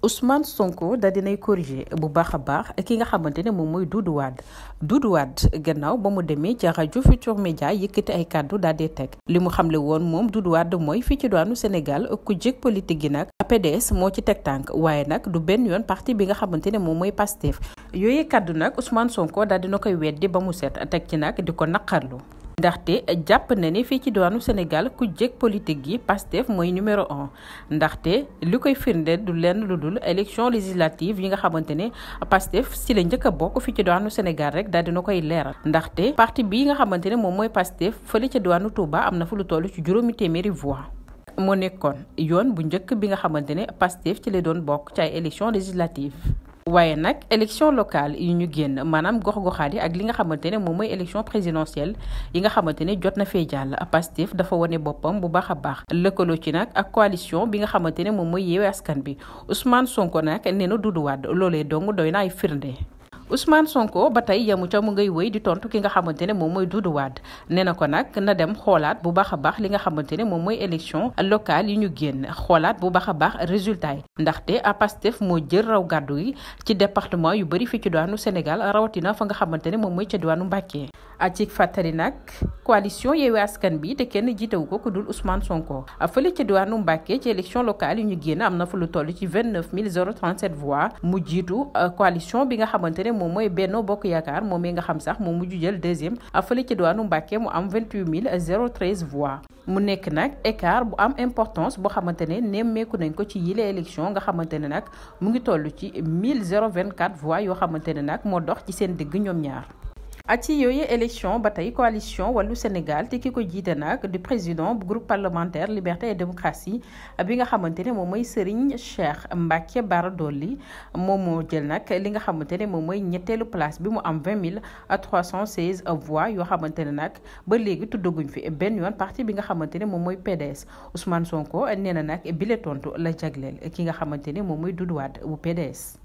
Ousmane Sonko da dinay corriger bu baax a baax ki nga xamante ne moom mooy Doudou Wade Doudou gannaaw ba mu demee ci rajo Futur Média yëkkati ay kàddu daal teg li mu xamle woon moom Doudou Wade mooy fii ci doonu Sénégal ku jég politique gi nag PDS moo ci teg tànk waaye nag du benn yoon parti bi nga xamante ne moom mooy Pastef yooyu kàddu nag Ousmane Sonko daal dina koy weddi ba mu set teg ci nag di ko naqarlu ndaxte jàpp na ne fii ci diwaanu Sénégal ku jég politique gi Pastef mooy numéro un ndaxte li koy firnde du lenn lu dul élection législative yi nga xamante ne Pastef si la njëkk bokk fii ci diwaanu Sénégal rek daal dina koy leeral ndaxte parti bi nga xamante ne moom mooy Pastef fële ca diwaanu Touba am na fu lu toll ci juróomi téeméeri voix. moo nekkoon yoon bu njëkk bi nga xamante ne Pastef ci la doon bokk ci ay élections législatives. waaye nag élection locale yi ñu génn maanaam gox-goxaat yi ak li nga xamante ne moom mooy élection présidentielle yi nga xamante ne jot na fee jàll Pastef dafa wane boppam bu baax a baax lëkkaloo ci nag ak coalition bi nga xamante ne moom mooy yeewee askan bi Ousmane Sonko nag nee na Doudou Wade loolee dong doy na ay firnde. Ousmane Sonko ba tey yamu ca mu ngay wéy di tontu ki nga xamante ne moom mooy Doudou Wade nee na ko nag na dem xoolaat bu baax a baax li nga xamante ne moom mooy élection locale yi ñu génn xoolaat bu baax a baax résultat yi ndaxte Pastef moo jël raw gàddu yi ci département yu bari fii ci diwaanu Sénégal rawatina fa nga xamante ne moom mooy ca diwaanu Mbacké ci fàttali nag coalition Yewwi Askan bi te kenn jiitewu ko ku dul Ousmane Sonko fële ca diwaanu Mbàkke ci élection locale yi ñu génn am na fa lu toll ci 29 037 voix mu jiitu euh, coalition bi nga xamante ne moom mooy Benno Bokk Yaakaar moom mi nga xam sax moom mujj jël deuxième fële ca diwaanu Mbàkke mu am 28 013 voix mu nekk nag écart bu am importance boo xamante ne nemmeeku nañ ko ci yile élection nga xamante ne nag mu ngi toll ci 1024 voix yoo xamante ne nag moo dox ci seen digg ñoom ñaar ak ci yooyu élection ba tey coalition wàllu Sénégal te ki ko jiite nag di président bu groupe parlementaire liberté et démocratie bi nga xamante ne moom mooy Serigne Cheikh Mbacke Bara Dolly moom moo jël nag li nga xamante ne moom mooy ñetteelu place bi mu am 20 316 voix yoo xamante ne nag ba léegi tuddaguñ fi benn yoon parti bi nga xamante ne moom mooy PDS Ousmane Sonko nee na nag bile tontu la jagleel ki nga xamante ne moom mooy duduwaat Wade bu PDS.